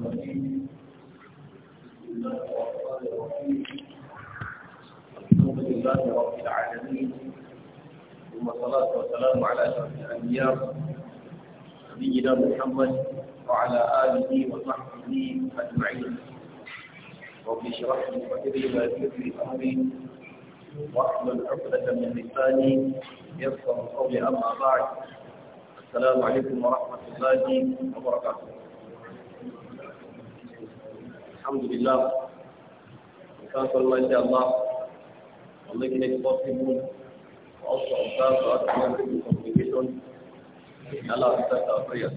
الحمد لله رب العالمين والسلام على الأنبياء نبينا محمد وعلى آله وصحبه أجمعين رب اشرح لي صدري ويسر لي أمري واحلل عقدة من لساني يفقه قولي أما بعد السلام عليكم ورحمة الله وبركاته Alhamdulillah, we thank Almighty Allah for making it possible for us to observe the automatic communication in Allah accept our prayers.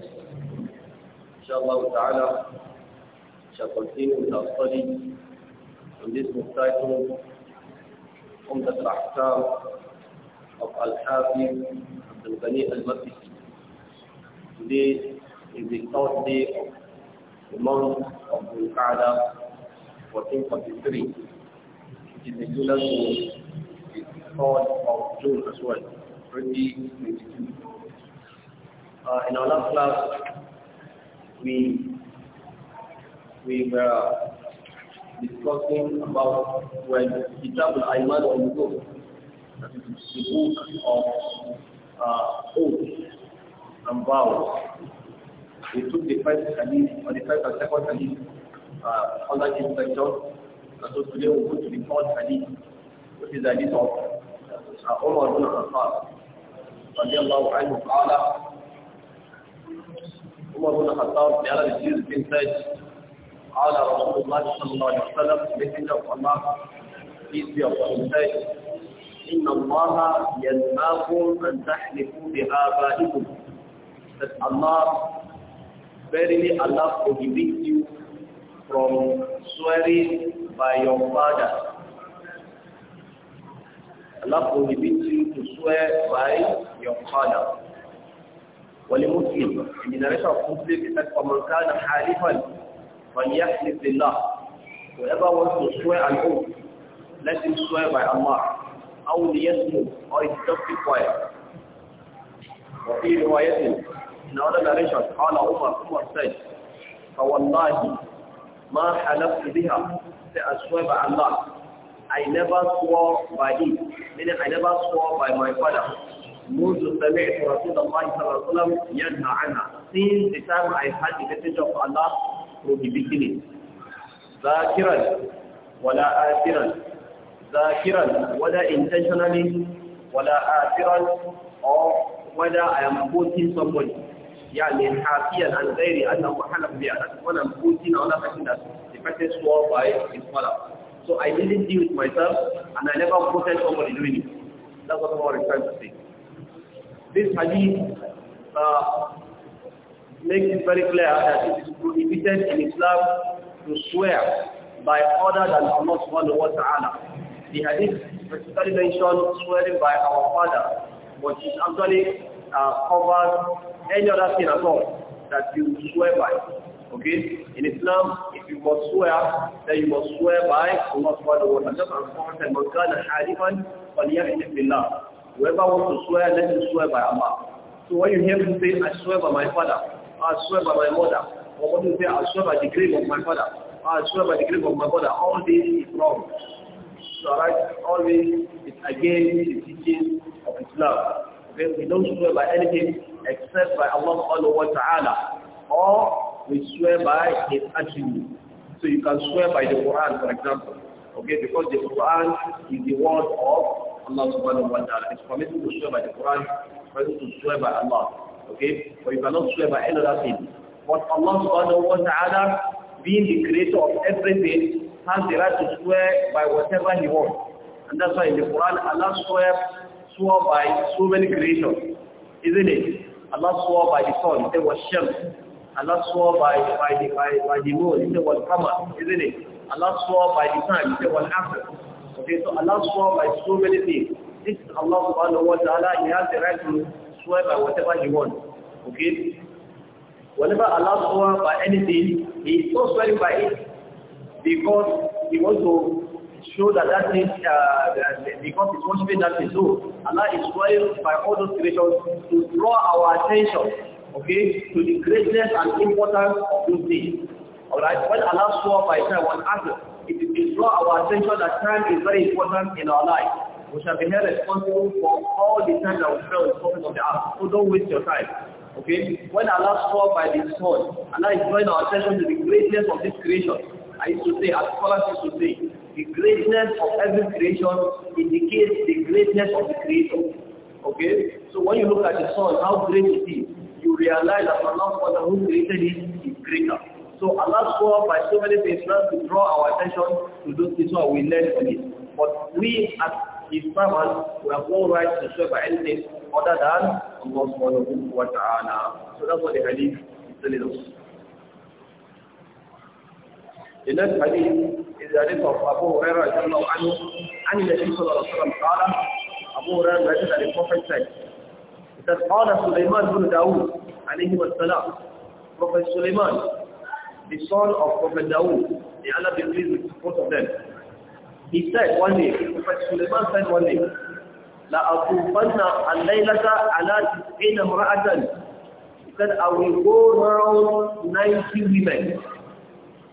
Inshallah ta'ala, we shall continue with our study on this book titled Umdat al-Ahkam of Al-Hafiz Abdul Ghani al-Makdisi. Today is the third day of the month of the Qa'dah, 1443, which is equivalent to the 3rd of June as well, 2022. Uh, in our last class, we we were discussing about when Kitab al-Aiman on the book, the book of uh, oaths and vows. They took the first hadith or the first and second hadith uh, under this section. And so today we'll go to the fourth hadith, which is the hadith of uh, Umar bin Khattab. رضي الله عنه قال عمر بن الخطاب في هذا الجزء بن سيد قال رسول الله صلى الله عليه وسلم مثل الله في يوم سيد إن الله ينهاكم أن تحلفوا بآبائكم الله Verily Allah prohibits you from swearing by your father. Allah prohibits you to swear by your father. ولمسلم in the narration of Muslim it says فَمَنْ كَانَ حَالِفًا فَلْيَحْلِفْ لِلَّهِ Whoever wants to swear an oath, let him swear by Allah. أو ليسمو or it's just be quiet. وفي رواية in our narration, قال عمر عمر سيد فوالله ما حلفت بها I swear الله I never swore by it, meaning I never swore by my father. منذ سمعت رسول الله صلى الله عليه وسلم ينهى عنها since the time I had the message of Allah from prohibiting it ذاكرا ولا آثرا ذاكرا whether intentionally ولا آثرا or whether I am quoting somebody يعني حافيا عن غير أنه حلف بأحد ولا مقوتين ولا فكنا the person swore by his father so I didn't do it myself and I never quoted somebody doing it that's what Allah is this hadith uh, makes it very clear that it is prohibited in Islam to swear by other than Allah subhanahu wa ta'ala the hadith specifically mentioned swearing by our father which is actually uh, covers any other thing at all that you swear by. Okay? In Islam, if you must swear, then you must swear by Allah subhanahu wa ta'ala and man kana halifan Whoever wants to swear, let him swear by Allah. So when you hear him say, I swear by my father, I swear by my mother, or when you say, I swear by the grave of my father, I swear by the grave of my mother, all this is wrong. So right, all this is against the teaching of Islam we don't swear by anything except by Allah subhanahu wa ta'ala. Or we swear by his attribute. So you can swear by the Quran, for example. Okay, because the Quran is the word of Allah subhanahu wa ta'ala. It's permitted to swear by the Quran, permitted to swear by Allah. Okay? But you cannot swear by any other thing. But Allah subhanahu wa ta'ala, being the creator of everything, has the right to swear by whatever he wants. And that's why in the Quran, Allah swears swore by so many creators, isn't it? Allah swore by the sun, it was Shem. Allah swore by, by, the, by, by the moon, it was Qamar, isn't it? Allah swore by the time, it was Asr. Okay, so Allah swore by so many things. This is Allah subhanahu wa ta'ala, He has the right to swear by whatever He wants. Okay? Whenever Allah swore by anything, He is not swearing by it because He wants to show that that is, uh, because it's worshiping we so. Allah is trying by all those creations to draw our attention, okay, to the greatness and importance of this. Alright, when Allah swore by time one answer, it will draw our attention that time is very important in our life. We shall be held responsible for all the time that we spend in the surface of the earth. So don't waste your time. Okay? When Allah swore by the sun, Allah is drawing our attention to the greatness of this creation. I used to say, as scholars used to say, the greatness of every creation indicates the greatness of the creator. Okay? So when you look at the sun, how great it is, you realize that Allah subhanahu who created it is greater. So Allah swore by so many things to draw our attention to those things that we learn from it. But we as his servants, we have no right to swear by anything other than Allah subhanahu So that's what the hadith is telling us. The next hadith is the hadith of Abu Hurairah radiallahu anhu, and the Nabi sallallahu alayhi wa sallam qala, Abu Hurairah narrated that Prophet said, it says, قال سليمان بن داود عليه السلام, Prophet Suleiman, the son of Prophet Dawood, may Allah be pleased with both of them. He said one day, Prophet Suleiman said one day, لَأَطُوفَنَّ اللَّيْلَةَ عَلَى تِسْعِينَ مْرَأَةً He said, I will go around 90 women.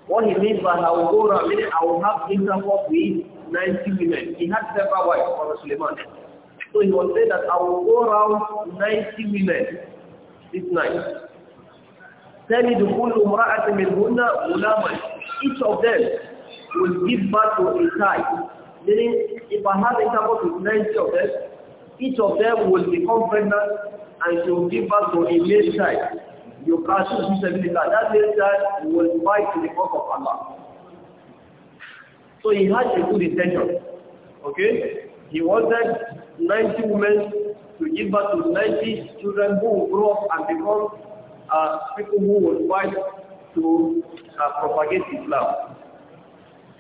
What he means by Awgora, meaning I will have intercourse with 90 women. He had several wives for Suleiman. So he will say that I will go around 90 women this night. Tani dukulu mra'atin minhunna ulaman. Each of them will give birth to a child. Meaning, if I have intercourse with 90 of them, each of them will become pregnant and she will give birth to a male child. You cancel Sabilillah. That means that you will fight in the cause of Allah. So he had a good intention. Okay? He wanted 90 women to give birth to 90 children who will grow up and become uh, people who will fight to uh, propagate Islam.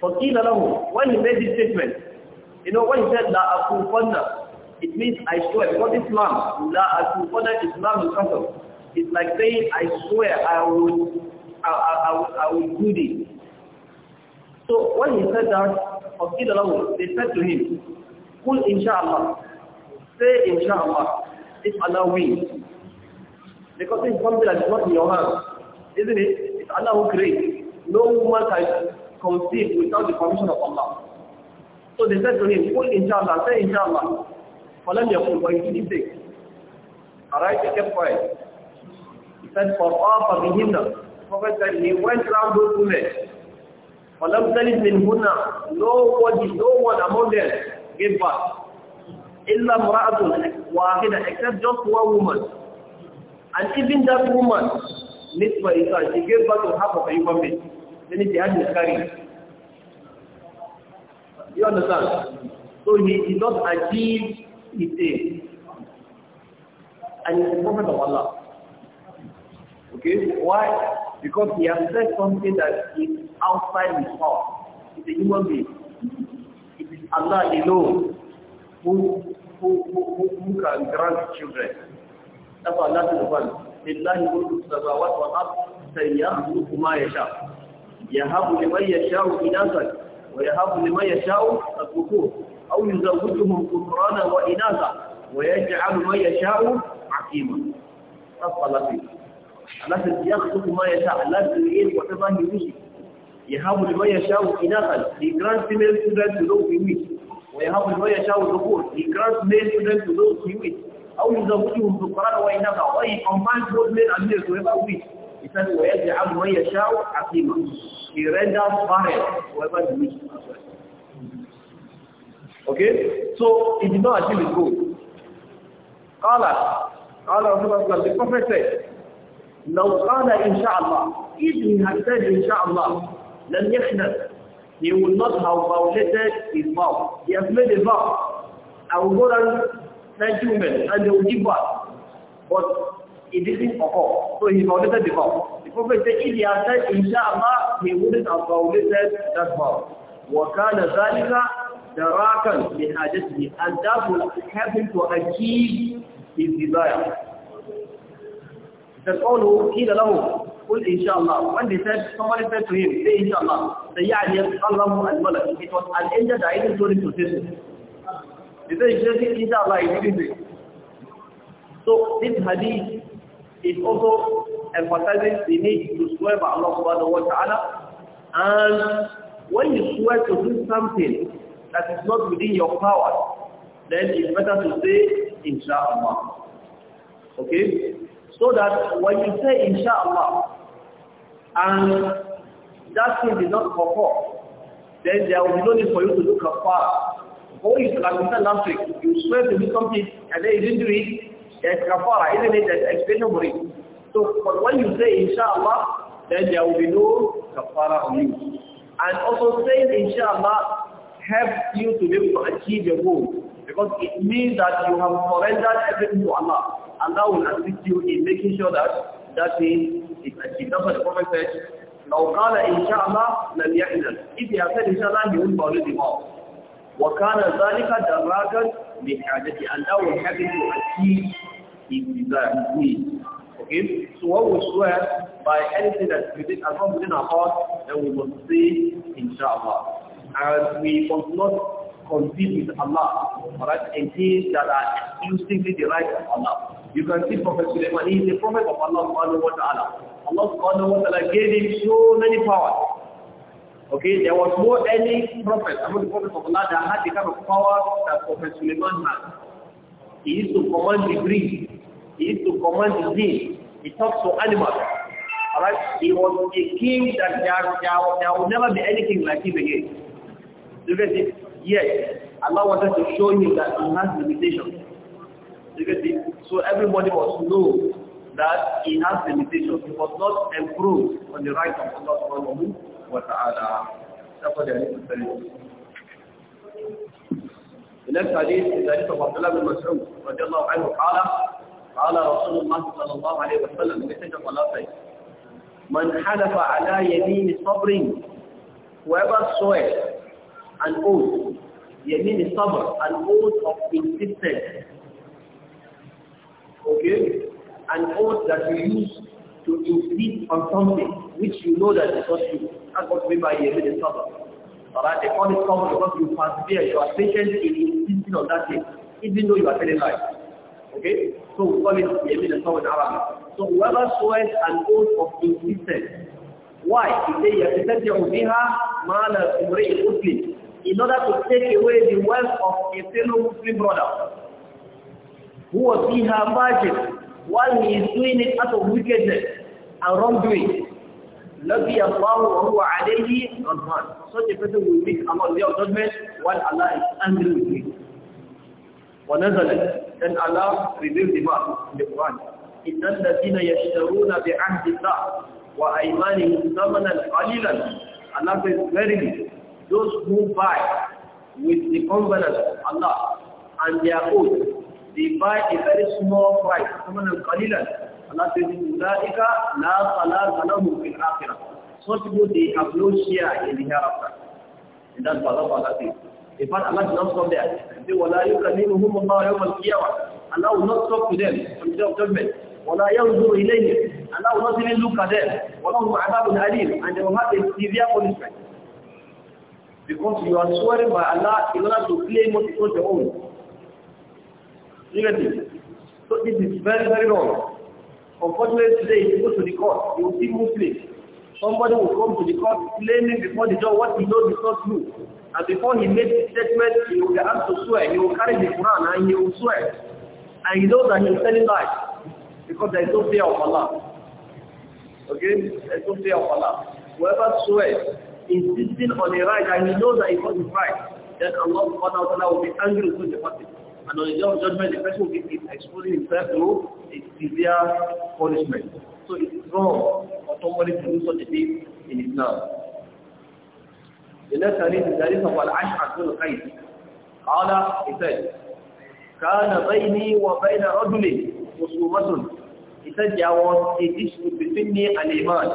in لَهُ When he made this statement, you know, when he said, لَا أَكُوْفَنَّ It means I swear, what Islam? لَا أَكُوْفَنَّ Islam is counsel. It's like saying, I swear I will, I, I, will, I will do this. So when he said that, Abdul Allah, they said to him, Qul inshallah, say inshallah, if Allah wills. Because it's something that is not in your hands, isn't it? It's Allah who creates. No woman can conceive without the permission of Allah. So they said to him, Qul inshallah, say inshallah. فَلَمْ يَقُلْ وَيُجِدِ Alright, he kept quiet. said, for all of him, the Prophet said, he went around those women. For themselves in Huna, one, no one among them gave birth. Illa mura'atun wahida, except just one woman. And even that woman, Nisba Isa, she gave birth to half of a human being. Then she had miscarriage. You understand? So he did not achieve his aim. And he's the Prophet of Allah. Okay? Why? Because he has said something that is outside his heart. It's a human being. It is Allah alone who, who, who, who, can grant children. That's why Allah is the one. لله ملك السماوات والأرض سيخلق ما يشاء يهب لمن يشاء إناثا ويهب لمن يشاء الذكور أو يزوجهم ذكرانا وإناثا ويجعل من يشاء عقيما. That's Allah الذي يخلق ما يشاء الذي creates whatever he wishes يهب لمن يشاء إناثا he grants female children to those he wishes ويهب لمن يشاء ذكور he grants male children to those he wishes أو يزوجهم ذكران وإناثا or he combines both men and males whoever wishes he said ويجعل من يشاء عقيما he renders barren whoever he wishes Okay? So, he did not achieve his goal. قال قال رسول الله صلى الله عليه وسلم the prophet said لو قال إن شاء الله إذن هكتاج إن شاء الله لم يخنف يقول نظهر وقولتك الباب يأمل الباب أو قرن فجومل أن يجيب باب بس إذن أقوى فهي قولتك الباب يقول فإذن هكتاج إن شاء الله يقول أن قولتك الباب وكان ذلك دراكا لحاجته الداب will happen to achieve his desire That's all who heal lahu. Qul inshallah. When they said, somebody said to him, say inshallah. The ya'ni Allahu al It was an angel guiding told him to say this. He said, inshallah, he didn't say. So this hadith is also emphasizing the need to swear by Allah subhanahu wa ta'ala. And when you swear to do something that is not within your power, then it's better to say, inshallah. Okay? So that when you say inshallah and that thing did not perform, then there will be no need for you to look afar. Or you, like we said last week, you swear to do something and then you didn't do it, there's kafara, isn't it? There's expiation So, but when you say inshallah, then there will be no kafara on you. And also saying inshallah helps you to be able to achieve your goal because it means that you have surrendered everything to Allah. Allah will assist you in making sure that that thing is achieved. That's what the Prophet said, لو قال إن يحزن if he has said إن he won't violate the law وكان ذلك دراجا لحاجته and that will help him to achieve his desire his need okay so what we swear by anything that we did as long within our heart then we must say inshallah. and we must not conceived with Allah, right? and things that are exclusively derived from Allah. You can see Prophet Sulaiman, he is a prophet of Allah subhanahu wa ta'ala. Allah subhanahu wa ta'ala gave him so many powers. Okay, there was no any prophet among the prophets of Allah that had the kind of power that Prophet Sulaiman had. He used to command the breeze. He used to command the wind. He talks to animals. Alright, he was a king that there, there, there will never be anything like him again. Look at this. Yes, Allah wanted to show him that he has limitations. So everybody must know that he has limitations. He must not improve on the right of Allah subhanahu wa ta'ala. That's what they are The next hadith is the hadith of Abdullah bin Mas'ud radiallahu anhu qala qala Rasulullah sallallahu alayhi wa sallam message of Allah says Man halafa ala yameen sabrin whoever swears an oath Yamin is sabr, an oath of insistence. Okay? An oath that you use to insist on something which you know that is not true. That's what we by Yamin is sabr. Alright, they call it sabr because you persevere, you are patient in insisting on that thing, even though you are telling lies. Okay? So we call it Yamin is in Arabic. So whoever swears an oath of insistence, why? He says, يَتَتَّعُ بِهَا مَا لَا تُمْرِئِ in order to take away the wealth of a fellow Muslim brother who was in her margin while he is doing it out of wickedness and wrongdoing. Labi Allah wa huwa alayhi ghadban. Such a person will meet among the judgment while Allah is angry with him. then Allah revealed the verse in the Quran. إن الذين يشترون بعهد الله وأيمانهم ثمنا قليلا Allah says verily those who buy with the covenant of Allah and their oath, they buy a very small price, ثمنا قليلا Allah says, أولئك لا خلاق لهم في الآخرة. Such people, they have no share in the hereafter. And that's what Allah says. In fact, Allah does not stop there. He Allah will not talk to them on the day of judgment. وَلَا Allah will not even look at them. وَلَهُمْ عَذَابٌ أَلِيمٌ And they will have a severe punishment. Because you are swearing by Allah in order to claim what is not your own. You get it? So this is very, very wrong. Unfortunately today, if you go to the court, you will see Muslims. Somebody will come to the court claiming before the judge what he knows is not true. And before he makes the statement, he will be asked to swear. He will carry the Quran and he will swear. And he knows that he is telling lies. Because there is no fear of Allah. Okay? There is no fear of Allah. Whoever swears insisting on a right and he knows that it's not right, then Allah subhanahu wa ta'ala will be angry with the person. And on the day of judgment, the person will be exposing himself to a severe punishment. So it's wrong for somebody to do such a thing in Islam. The next hadith is the hadith of Al-Ash'ad bin Qais. قال he said, كان بيني وبين رجل خصومة. He said there was a dispute between me and a man.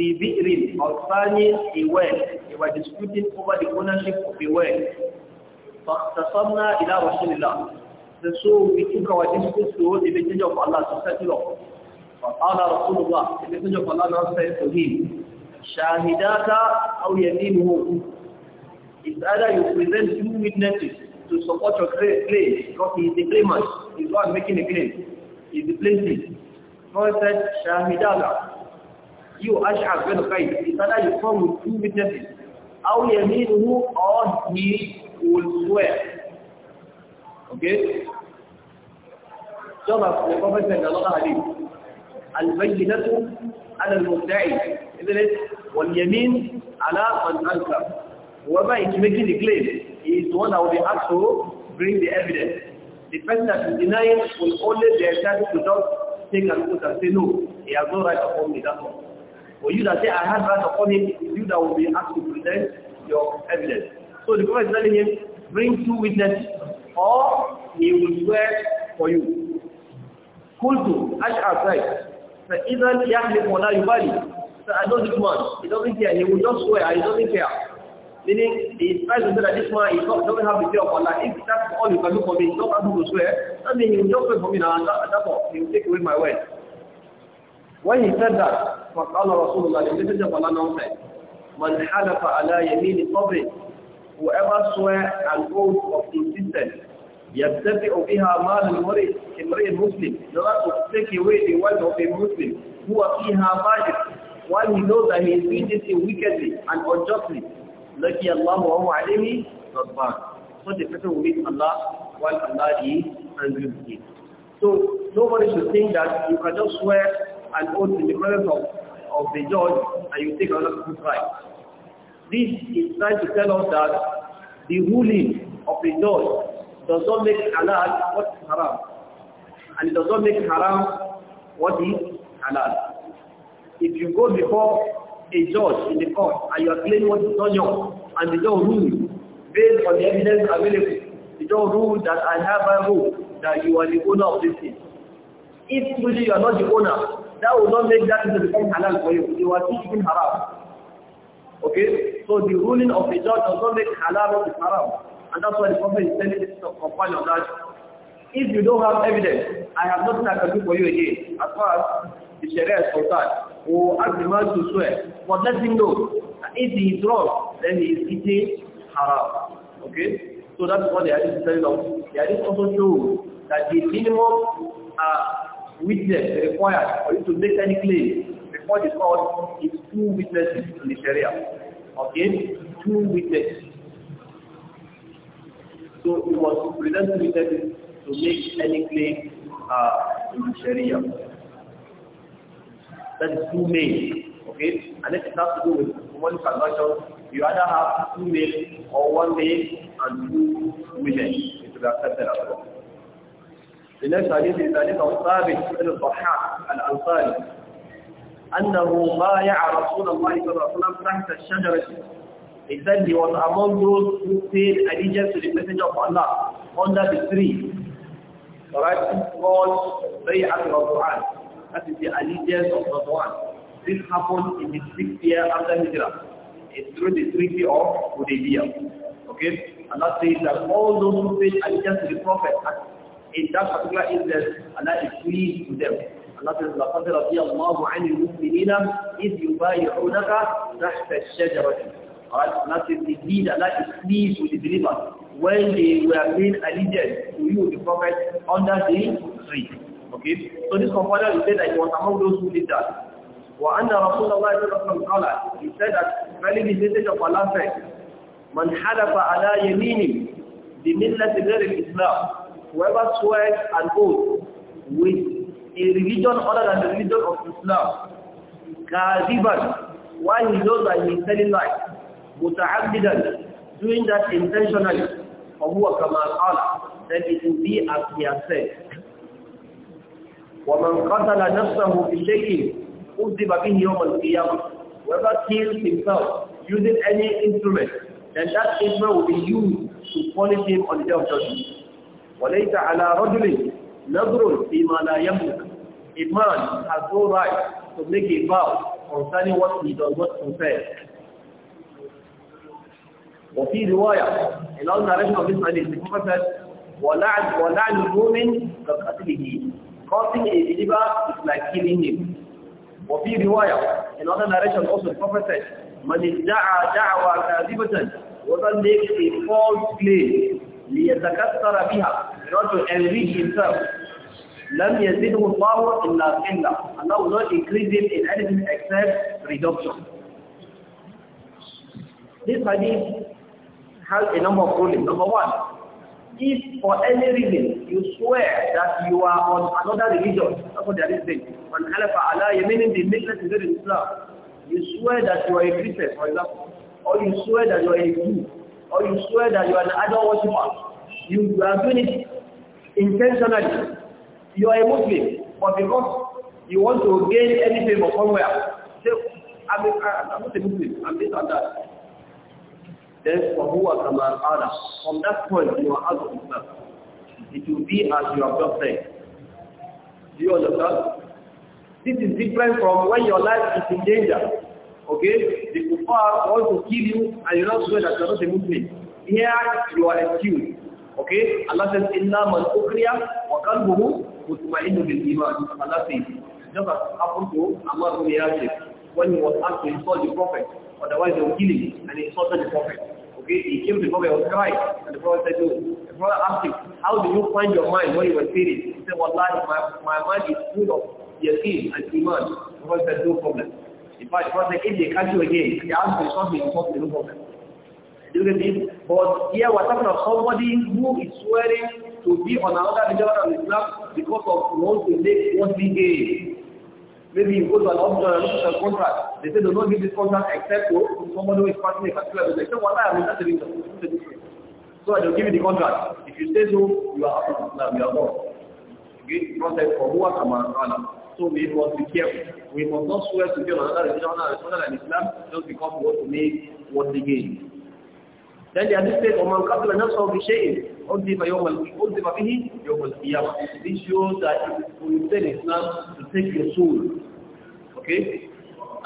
في بئر أو ثاني a well. They were disputing over the ownership of a well. فاختصمنا إلى رسول الله. And so we took our dispute to the messenger of Allah to settle off. فقال رسول الله, the messenger of Allah now said to him, شاهداك أو يمينه. It's either you present two witnesses to support your claim, because he is the claimant, he's the one making the claim, he is the plaintiff. God said, Shahidata. you Ash'ab bin Qais, is that you come with two witnesses. Aw yaminuhu he will swear. Okay? Just as the Prophet said in another hadith, Al-Bayyinatu ala al-Mudda'i, not Whoever is making the claim, is the one that will be asked to bring the evidence. The person that is denying will only be entitled to take a look and say, no, he has no right to me, that's for you that say, I had that upon him, you that will be asked to present your evidence. So the Prophet is telling him, bring two witnesses, or he will swear for you. Kultu, Ash'ar said, فَإِذَا يَحْلِفُ وَلَا يُبَالِي So I know this man, he doesn't care, he will just swear, he doesn't care. Meaning, he tries to say that this man is not, doesn't have the fear of Allah. If that's all you can do for me, not able to swear, that means he will just swear for me now, and that, that's all. He will take away my word. When he said that, فَقَالَ رَسُولُ اللَّهِ The Messenger of Allah said, مَنْ حَلَفَ عَلَى يَمِينِ صَبْرٍ Whoever swear an oath of insistence, يَبْتَفِعُ بِهَا مَالَ الْمَرِئِ Muslim In order to take away the wealth of a Muslim, who are فِيهَا بَاجِرٍ While he knows that he is doing this wickedly and unjustly, لَكِيَ اللَّهُ وَهُ عَلَيْهِ غَضْبَانٍ so the person will meet Allah while Allah is angry with him. So nobody should think that you can just swear and also in the presence of, of the judge and you take another people's right. This is trying to tell us that the ruling of the judge does not make halal what is haram. And it does not make haram what is halal. If you go before a judge in the court and you are claiming what is not yours and the judge rules based on the evidence available, the judge rules that I have a rule that you are the owner of this thing. If really you are not the owner, that will not make that to become halal for you. You are still eating haram. Okay? So the ruling of the judge does not make halal with haram. And that's why the Prophet is telling this companion that if you don't have evidence, I have nothing I can do for you again. As far as the Sharia is concerned, or ask the man to swear. But let him know that if he is wrong, then he is eating haram. Okay? So that's what the hadith is telling us. The hadith also shows that the minimum uh, witness required for you to make any claim before the court is two witnesses in the Sharia. Okay? Two witnesses. So it was present two witnesses to make any claim uh, in the Sharia. That is two males. Okay? And it has to do with one transaction, you either have two males or one male and two women. It will be accepted as well. لنفس حديث ذلك الثابت بن الضحاك الأنصاري أنه بايع رسول الله صلى الله عليه وسلم تحت الشجرة He said he was among those who paid allegiance to the messenger of Allah under the tree. Alright, called Bay'at Radwan. That is the allegiance of Radwan. This happened in the sixth year after Hijrah. It's through the treaty of Hudaybiyah. Okay? Allah says that all those who paid allegiance to the Prophet at in that particular instance, Allah is pleased with them. Allah says, لَقَدْ رَضِيَ اللَّهُ عَنِ الْمُؤْمِنِينَ إِذْ يُبَايِعُونَكَ تَحْتَ الشَّجَرَةِ Alright, Allah says, indeed Allah is pleased with the believers when they were being allegiance to you, the Prophet, under the tree. Okay? So this compiler will say that he was among those who did that. وأن رسول الله صلى الله عليه وسلم قال he said that very the message of Allah said من حلف على يمين بملة غير الإسلام whoever swears an oath with a religion other than the religion of Islam, Kaziban, while he knows that he is telling lies, Muta'abdidan, doing that intentionally, فَهُوَ كَمَا قَالَ Then it will be as he has said. وَمَنْ قَتَلَ نَفْسَهُ بِشَيْءٍ أُذِّبَ بِهِ يَوْمَ الْقِيَامَةِ Whoever kills himself using any instrument, then that instrument will be used to punish him on the day of judgment. وليس على رجل نظر فيما لا يملك A man has no right to make a vow concerning what he does not confess. وفي رواية إلى أن narration of this hadith, the Prophet said, وَلَعْنُ الْمُؤْمِنْ كَقَتْلِهِ Causing a believer is like killing him. وفي رواية in other narration also the Prophet said, مَنِ ادَّعَى دَعْوَى كَاذِبَةً وَذَا makes a false claim ليتكثر بها in order to enrich himself لم يزده الله إلا قلة Allah will not increase him in anything except reduction this hadith has a number of rulings number one if for any reason you swear that you are on another religion that's what there is thing on khalafa ala yaminin the millet is Islam you swear that you are a Christian for example or you swear that you are a Jew or you swear that you are an idol worshiper, you, you are doing it intentionally. You are a Muslim, but because you want to gain any favor somewhere, say, I'm, I'm not a Muslim, I'm this and that. Then for who are Kamal Allah, from that point you are out of Islam. It will be as you have just said. Do you understand? This is different from when your life is in danger. Okay? The kuffar want to kill you and you not swear that you are not a Muslim. Here you are excused. Okay? Allah says, Inna man ukriya wa kalbuhu mutmainu bil iman. Allah says, just as happened to Ammar bin Yasir when he was asked to insult the Prophet. Otherwise they were killing, him and he insulted the Prophet. Okay? He came to the Prophet and was crying. And the Prophet said to him, the Prophet asked him, how do you find your mind when you were feeling? He said, Wallahi, my, my mind is full of yaqeen and iman. The Prophet said, no problem. In fact, for the if they catch you again, They ask is something being taught in the Do you get this? But here we're talking of somebody who is swearing to be on another religion of Islam because of want to make not be gay. Maybe you go to an official contract. They say they don't give this contract except to someone who is passing a particular business. So what I am not doing So I don't give you the contract. If you say so, you are out Islam, you are gone. Okay? Process for who are Kamarana. So we must be careful. We must not swear to be religion, another religion other than Islam just because we want to make what they gain. Then the hadith oh, says, وَمَنْ قَتْلَ نَفْسَهُ بِشَيْءٍ عُذِّبَ يَوْمَ عُذِّب بِهِ يَوْمَ الْقِيَامَةِ This shows that we say Islam to take your soul. Okay?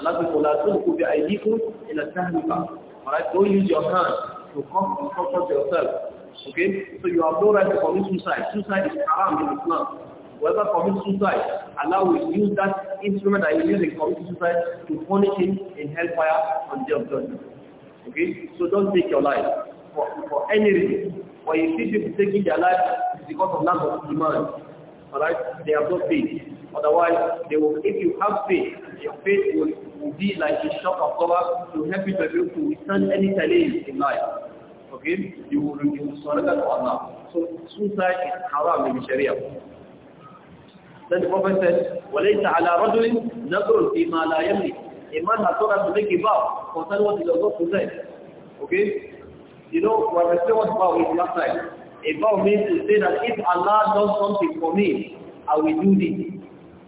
Allah says, وَلَا تُلْكُ بِأَيْدِيكُمْ إِلَى التَّهْلِكَةِ Alright, don't use your hand to comfort yourself. Okay? So you have no right to commit suicide. Suicide is haram in Islam whoever commits suicide, Allah will use that instrument I he committing suicide to punish him in hellfire on the day of judgment. Okay? So don't take your life for, for any reason. But you see people taking their life because of lack of demand. Alright? They have no faith. Otherwise, they will, if you have faith, your faith will, will be like a shock power to help you to be able to withstand any challenge in life. Okay? You will, you will surrender to Allah. So suicide is haram in Sharia. Then the Prophet said, وَلَيْسَ عَلَى رَجُلٍ نَظْرٌ فِي مَا لَا يَمْلِكُ A man has not to make a vow concerning what he possess. Okay? You know, what I say what vow is last time, a vow means to say that if Allah does something for me, I will do this.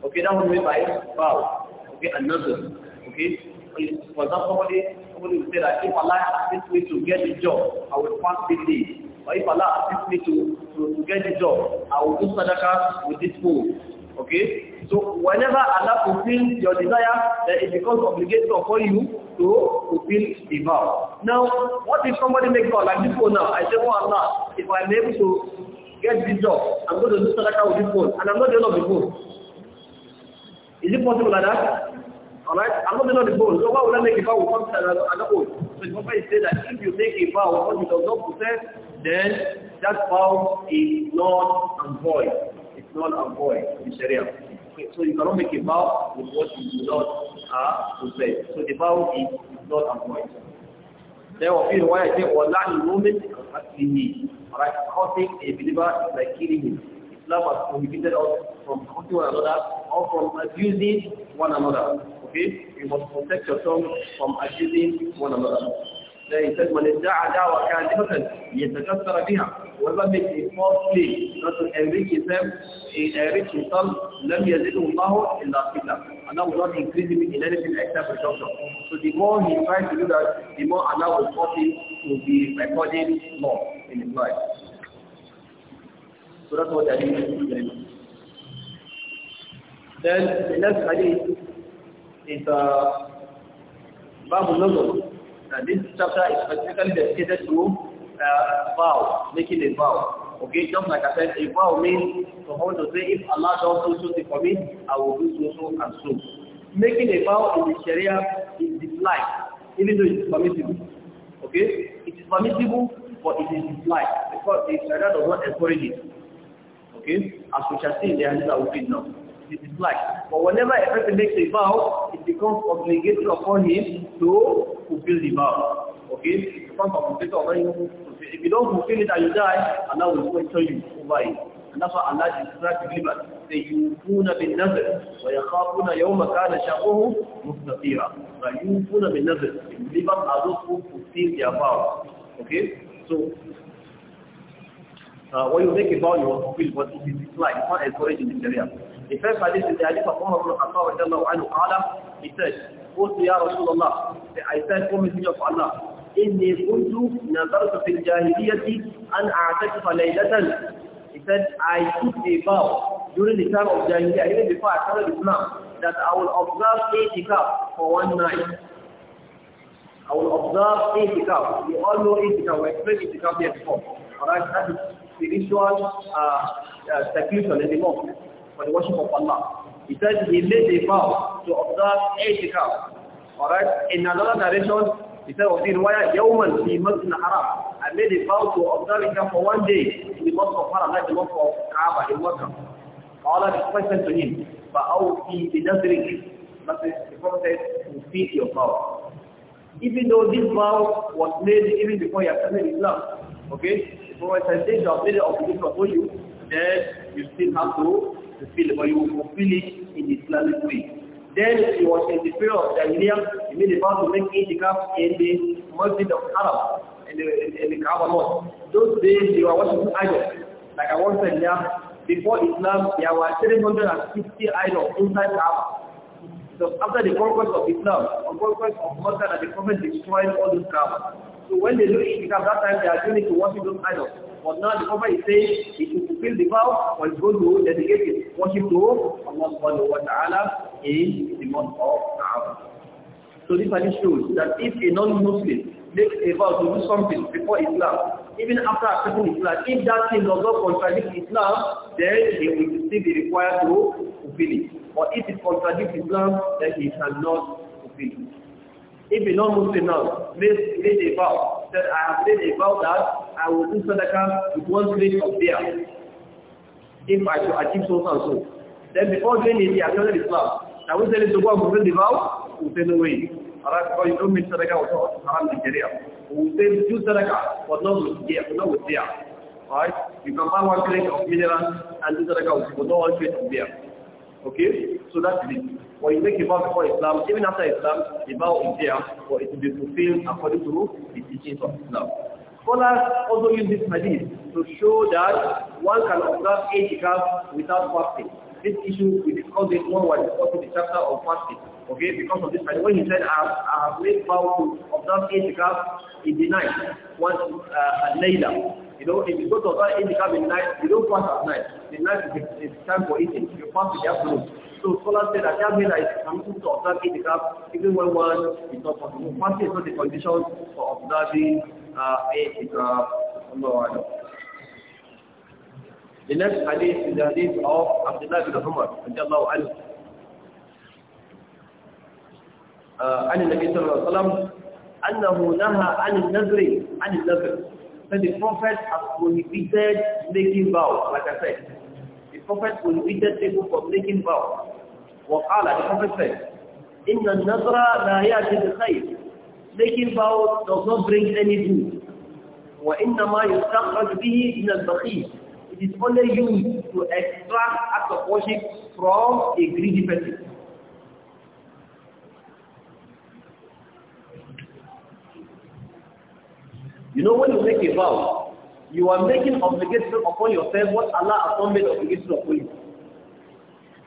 Okay, that was meant by vow. Okay, another. Okay? For example, somebody, somebody will say that if Allah assists me to get a job, I will fast this day. Or if Allah assists me to, to, to get a job, I will do sadaqah with this food. Okay? So whenever Allah fulfills your desire, then it becomes obligatory for you to fulfill the vow. Now, what if somebody make vow like this phone now? I say, oh Allah, if I'm able to get this job, I'm going to do sadaqah with this phone, and I'm not the owner of the phone. Is it possible like that? Alright? I'm not the owner of the phone, so why would I make a vow with something I don't own? So the Prophet said that if you make a vow with what you does not possess, then that vow is not and void. Not avoid void in Sharia. Okay, so you cannot make a vow with what you do not have uh, to say. So the vow is not avoid. void. There will be why I say, Allah the moment actually me. Alright, causing a believer is like killing him. Islam has prohibited us from hurting one another or from abusing one another. Okay? You must protect your tongue from abusing one another. Then he said, says, وَلِدَّعَ دَعْوَ كَاذِبَةً يَتَكَثَّرَ بِهَا whoever makes a small plea not to enrich himself, eh, enrich himself, لم يزده الله إلا فتنة. Allah will not increase him in anything except reduction. So the more he tries to do that, the more Allah will force him to be recording more in his life. So that's what I mean. Then the next hadith is uh, Babu Nuzul. Uh, this chapter is specifically dedicated to vow, making a vow. Okay, just like I said, a vow means someone to say, if Allah does so so for me, I will do so so and so. Making a vow in the Sharia is disliked, even though it is permissible. Okay, it is permissible, but it is disliked because the Sharia does not encourage it. Okay, as we shall see in the answer I will read now it is black. But whenever a person makes a vow, it becomes obligatory upon him to fulfill the vow. Okay? If you don't fulfill it and you die, Allah will sponsor you over And that's why Allah is to believers. Say, yufuna bin nazar, wa yakhafuna yawma kana sha'uhu mustatira. Wa Believers are those who fulfill their vows. Okay? So, uh, when you make a vow, you fulfill, but it is like, it's not encouraging the Sharia. The first hadith is the hadith of Umar ibn Khattab, he said, "O يا رسول I said, O Messenger of Allah إني كنت نظرت في الجاهلية أن أعتكف ليلة He said, I took a vow during the time of Jahiliyyah, even before I started Islam, that I will observe itikaf for one night. I will observe itikaf. We all know itikaf. We explained itikaf here before. Alright, that is spiritual uh, uh, seclusion in the mosque for the worship of Allah. He said he made a vow to observe itikaf. Alright, in another direction, he said, وَإِنْ يَوْمًا فِي مَسْنَ حَرَامٍ I made a vow to observe Him for one day in the month of Haram, like the month of Kaaba, in Mecca. Allah requested to him, But how he فَأَوْفِي بِنَذْرِكِ But the Prophet said, fulfill your vow. Even though this vow was made even before you accepted Islam, okay? The Prophet said, since you have made an obligation for you, then you still have to fulfill but you will fulfill it in the Islamic way. Then he was in the period of Jahiliyyah, he made about to make itikaf in the Masjid of Haram, in the, in, the Kaaba Mosque. Those days they were watching idols. Like I once said there, before Islam, there were 750 idols inside Kaaba. So after the conquest of Islam, the conquest of Mecca, that the Prophet destroyed all those Kaaba. So when they do itikaf that time, they are doing it to worship those idols. But now the Prophet is saying it is to fill the vow or is going to dedicate his worship to Allah subhanahu wa ta'ala in the month of Ramadan. So this hadith shows that if a non-Muslim makes a vow to do something before Islam, even after accepting Islam, if that thing does not contradict Islam, then he will still be required to fulfill it. But if it contradicts Islam, then he cannot fulfill it. If a non-Muslim now makes, makes a vow, that I have made a vow that I will do sadaqah with one plate of beer if I should achieve so and so. Then before doing it, he accepted Islam. I we tell him to go and fulfill the vow, we say no way. Alright, because you don't mean sadaqah or so, haram in Sharia. We say do sadaqah, but not with yeah, not with beer. Alright? You can buy one crate of mineral and do sadaqah, but not one crate of beer. Okay? So that's it. Or you make a vow before Islam, even after Islam, the vow is there, but it will be fulfilled according to the teachings of Islam. Scholars also use this hadith to show that one can observe itikaf without fasting. This issue, we discussed this one while discussing the chapter of fasting. Okay, because of this, and when he said, I have, I have made vow to observe itikaf in the night, once uh, later. You know, if you go to observe itikaf in the night, you don't fast at night. The night is, is time for eating. You fast in the afternoon. So scholars said, that that means that it's permissible to observe itikaf even when one is not possible. Fasting is not the condition for observing uh, itikaf. The next hadith is the hadith of Abdullah bin Umar, radiallahu anhu. عن النبي صلى الله عليه وسلم أنه نهى عن النذر عن النذر So the prophet has prohibited making vows, like I said. The prophet prohibited people from making vows. وقال, the prophet said, إن النذر لا يأتي بخير. Making vows does not bring any good. وإنما يستخرج به من البخيل. It is only used to extract acts of worship from a greedy person. You know, when you make a vow, you are making obligation upon yourself what Allah has not made obligation upon you.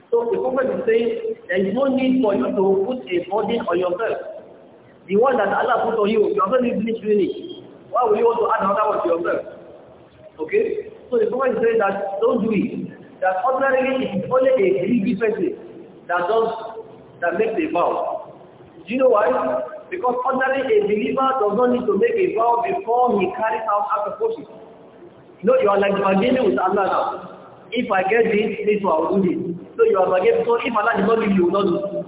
So the Prophet is saying there is no need for you to put a burden on yourself. The one that Allah put on you, you are not even doing it. Why would you want to add another one to yourself? Okay? So the Prophet said that don't do it. That ordinarily it's only a greedy person that does that makes a vow. Do you know why? Because ordinarily a believer does not need to make a vow before he carries out after approaching. You know, you are like bargaining with Allah now. If I get this, this will do this. So you are bargaining. So if Allah does not give you, you will not do.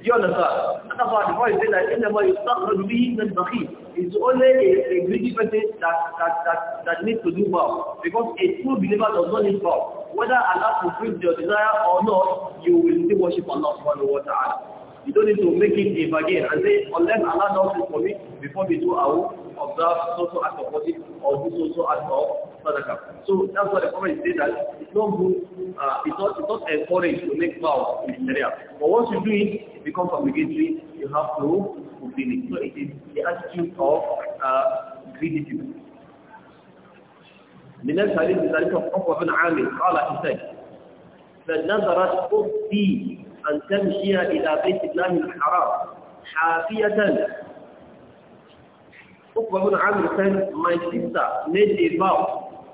Do you understand? That's why the Prophet said that, never إِنَّمَا يُسْتَخْرَجْ بِهِ مِنْ بَخِيلٍ It's only a, a greedy person that, that, that, that needs to do well. Because a true believer does not need well. Whether Allah fulfills your desire or not, you will still worship Allah subhanahu wa ta'ala. You don't need to make it a bargain and say, unless Allah does it for me, before we do, I will observe so-so act of worship or do so-so act of sadaqah. So that's what the Prophet said that it's not good, uh, it's, not, it's not encouraged to make vows in area. But once you do it, it becomes obligatory. You have to so it is the attitude of uh, gratitude. من الحديث ذلك عقبة بن عامر قال حسين فنظرت أختي أن تمشي إلى بيت الله الحرام حافية Ukwa ibn Amr said, my sister made a vow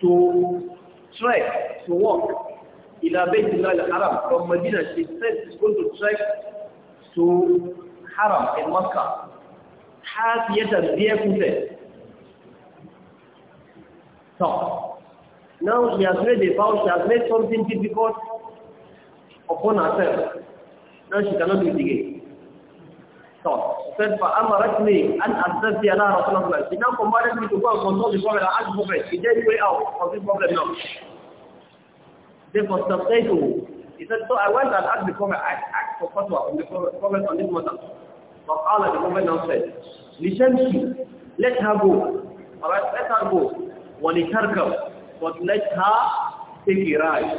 to trek, to walk, ila Baytullah al-Haram. From Medina, she said she's going to trek to haram in Makkah, hasiyatan biya kusa. So, now he has made a vow, she has made something difficult upon herself. Now she cannot do it again. So, he said, فَأَمَرَتْنِي أَنْ أَسْتَفْتِيَ لَا رَسُولَ اللَّهِ She now commanded me to go and consult the Prophet and ask the Prophet, is there a way out of this problem now? Therefore, subtitle He said, so I went and asked the Prophet, I asked for fatwa from the Prophet, on this matter. But Allah, the Prophet now said, Lishamshi, let her go. Alright, let her go. When وَلِتَرْكَوْ But let her take a ride.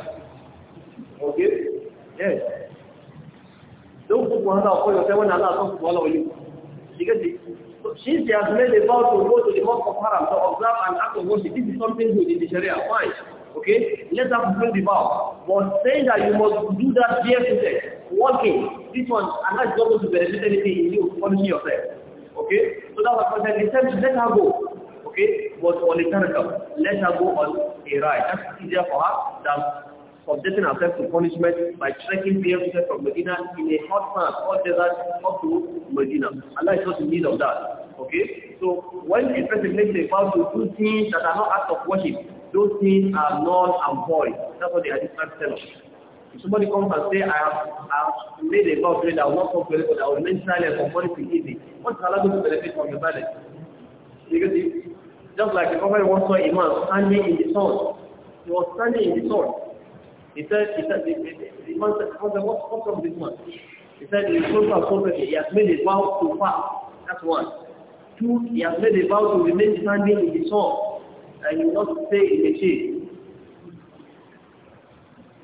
Okay? Yes. Don't put wahala upon yourself when Allah comes to wahala you. You get it? So since she has made a vow to go to the mosque of Haram to observe and act of worship, this is something good in the Sharia. Why? Okay? Let us bring the vow. But saying that you must do that year to day, walking, this one, and that's not going to benefit anything in you, punishing yourself. Okay? So that's what I said, let her go. Okay? But on a character, let her go on a ride. That's easier for her than subjecting herself to punishment by trekking PMC from Medina in a hot sun, hot desert, up to Medina. Allah is not in need of that. Okay? So when a person makes a vow to do things that are not acts of worship, those things are null and void. That's what the hadith tell us. If somebody comes and say, I have, I have made a vow that I will not come to but I will remain silent from to easy. What is Allah going to benefit from your balance? Because if, just like the Prophet once saw Imam standing in the sun, he was standing in the sun. He said, he said, the, the, the Imam said, what's wrong with this man? He said, he told us he has made a vow to fast. That's one. Two, he has made a vow to remain standing in the sun and you not stay in the shade.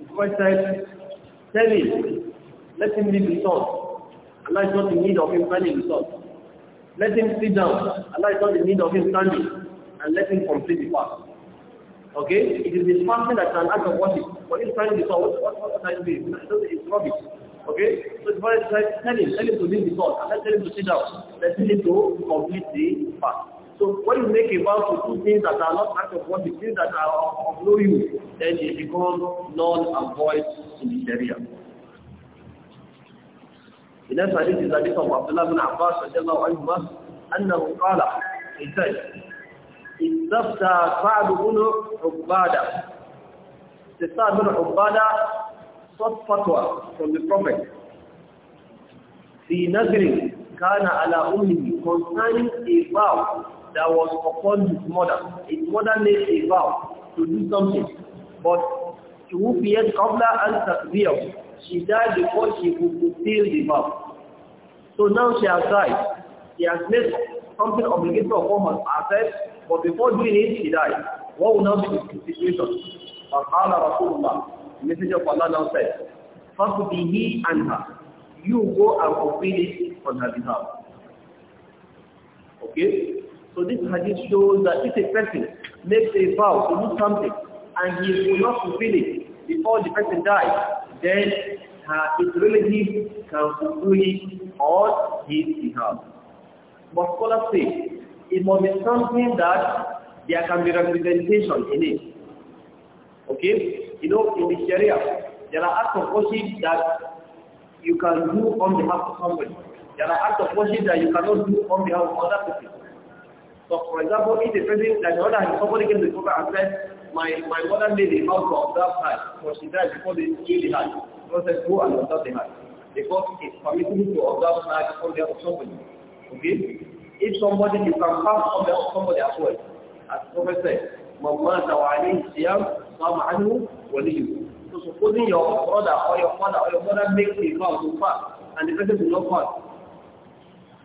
The Prophet said, tell him, let him be the Allah is not in need of him finding in the sun. Let him sit down. Allah is not in need of him standing. And let him complete the fast. Okay? It is the fasting that can act of worship. For him standing the sun, what, what, what can I do? It's rubbish. Okay? So the Prophet said, tell him, tell him to leave the sun. Allah tell him to sit down. Let him to complete the fast. So when you make a vow to do things that are not part of what the things that are of no use, then it becomes non avoid in this area. The next hadith is hadith of Abdullah bin Abbas radiallahu anhu أنه قال he said استفتى سعد بن عبادة سعد بن عبادة sought fatwa from the Prophet في نذر كان ala أمه concerning a vow that was upon his mother. His mother made a vow to do something, but توفيت قبل and تقضيه. She died before she could fulfill the vow. So now she has died. She has made something obligatory upon herself, but before doing it, she died. What will now be the situation? فقال رسول الله The messenger of Allah now said, and her. You go and fulfill it on her behalf. Okay? So this hadith shows that if a person makes a vow to do something and he will not fulfill it before the person dies, then uh, his relative can fulfill it on his behalf. But scholars say it must be something that there can be representation in it. Okay? You know, in the Sharia, there are acts of worship that you can do on behalf of somebody. There are acts of worship that you cannot do on behalf of other people. So, for example, if the person, that the other hand, somebody came to the and said, my, my mother made a vow to observe Hajj, for she died before they knew the Hajj. The Prophet said, go and observe the Hajj. Because it's permissible to observe Hajj on behalf of somebody. Okay? If somebody, you can fast on behalf of somebody as well. As the Prophet said, من مات وعليه صيام صام عنه وليه. So supposing your brother or your father or your mother makes a vow to fast, and the person will not fast,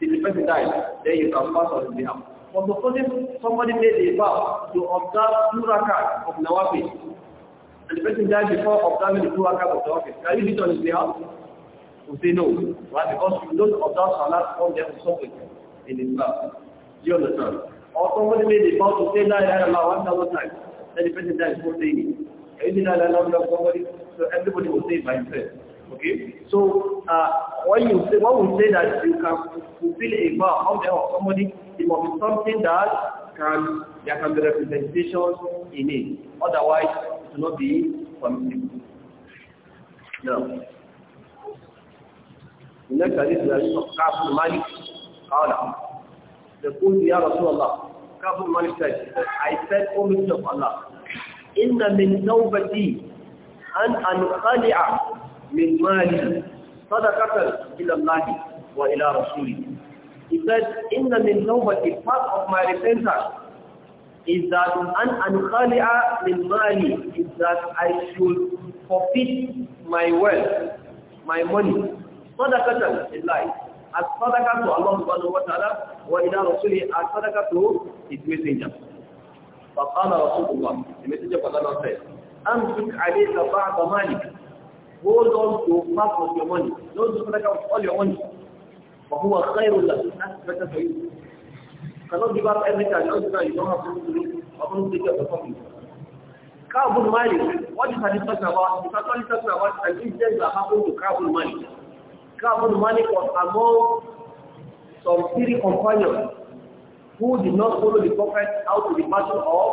if the person dies, then you can fast on his behalf. From the position, somebody made a vow to observe two rakat of Nawafi. And the person died before observing the two rakat of Nawafi. Can you do it on his behalf? We say no, right? Because you don't observe Salat from their something in Islam. Do you understand? Or somebody made a vow to say La ilaha illallah 1,000 times. Then the person died before saying it. Can you say La ilaha illallah somebody? So everybody will say it by himself. Okay? So, uh, when you say, when we say that you can fulfill a vow out there of somebody, it must be something that can, there can be representation in it. Otherwise, it will not be permissible. Now, next hadith is hadith of Ka'ab Malik, Qala. The Qul Ya Rasulullah, Ka'ab Malik said, I said, O Messenger of Allah, إن من نوبتي أن أنخلع من مال صدقة إلى الله وإلى رسوله He said, Inna min nawbati, part of my repentance is that an ankhali'a min mali is that I should forfeit my wealth, my money. Sadaqatan lillahi. As sadaqah to Allah subhanahu wa ta'ala wa ila Rasulih as sadaqah to his messenger. فقال رسول الله المسجد messenger of Allah أمسك عليك بعض مالك Hold on to part of your money. Don't do sadaqah of all your money. وَهُوَ خَيْرٌ لَكُمْ That's better for you. Cannot give up every time. you don't have to do to take care of the family. Kabul Malik, what is he talking about? He's actually talking about an incident that happened to Kabul Malik. Kabul Malik was among some three companions who did not follow the prophet out to the battle of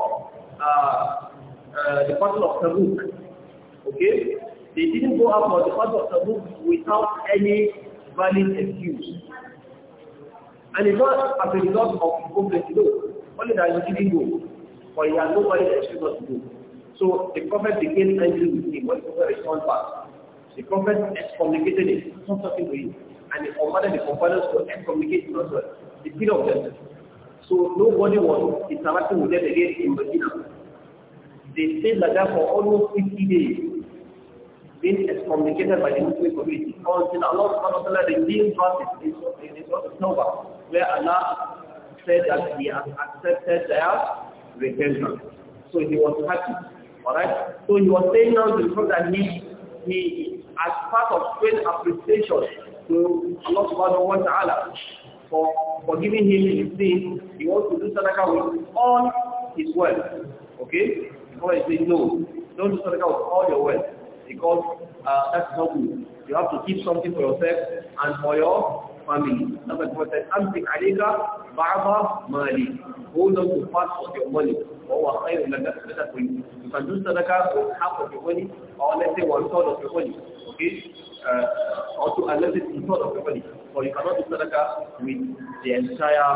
uh, uh, the battle of Tabuk. Okay? They didn't go out for the cause of the book without any valid excuse. And it's not as a result of movement, no. Only that you didn't go. But he had no valid excuse not to go. So the prophet became angry with him when the prophet responded back. The prophet excommunicated him, not talking to him. And he commanded the companions to excommunicate him as well. The three of them. So nobody was interacting with them again in Medina. They stayed like that for almost 50 days been excommunicated by the Muslim community until Allah subhanahu wa ta'ala redeemed us in Surah Tawbah, where Allah said that he has accepted their repentance. So he was happy. Alright? So he was saying now to the Prophet that he, he, as part of great appreciation to Allah subhanahu wa ta'ala for forgiving him his sins, he wants to do sadaqah with all his wealth. Okay? Because he said, no, don't do sadaqah with all your wealth because uh, that's not good. You have to keep something for yourself and for your family. That's why Prophet said, أَمْسِكْ عَلَيْكَ بَعْضَ مَالِي Hold on to part of your money. وَهُوَ خَيْرٌ لَكَ better for you. You can do sadaqah with half of your money or let's say one third of your money. Okay? Uh, or to unless it's one third of your money. Or you cannot do sadaqah with the entire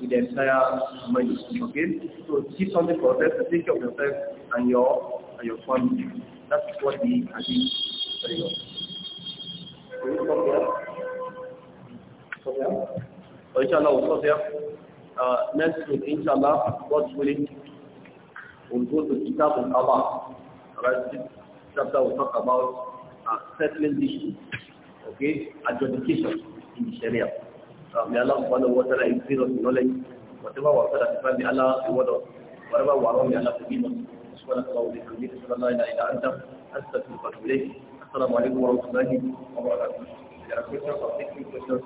with the entire money. Okay? So keep something for yourself, take care of yourself and your and your family. That is what we are doing Stop So inshallah we'll stop there. Uh, next week, inshallah, God's willing, we'll go to Kitab al-Qaba. Alright, this chapter will talk about uh, settling issues, okay, adjudication in the Sharia. Uh, may Allah subhanahu wa ta'ala increase of knowledge. Whatever was said may Allah reward us. Whatever we are wrong, may Allah forgive us. سبحانك اللهم وبحمدك اشهد ان لا اله الا انت استغفرك واتوب اليك السلام عليكم ورحمه الله وبركاته there are questions or technical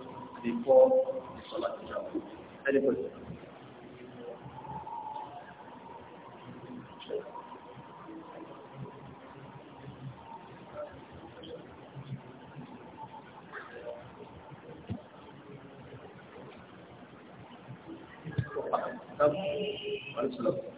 Thank you.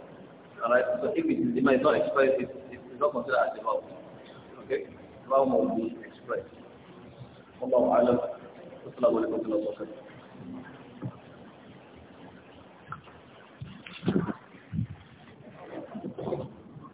Alright, so if it is demand, it's not expressed, it's, it's not considered as demand. Okay? Demand will be expressed. Allah Alam. Assalamu alaikum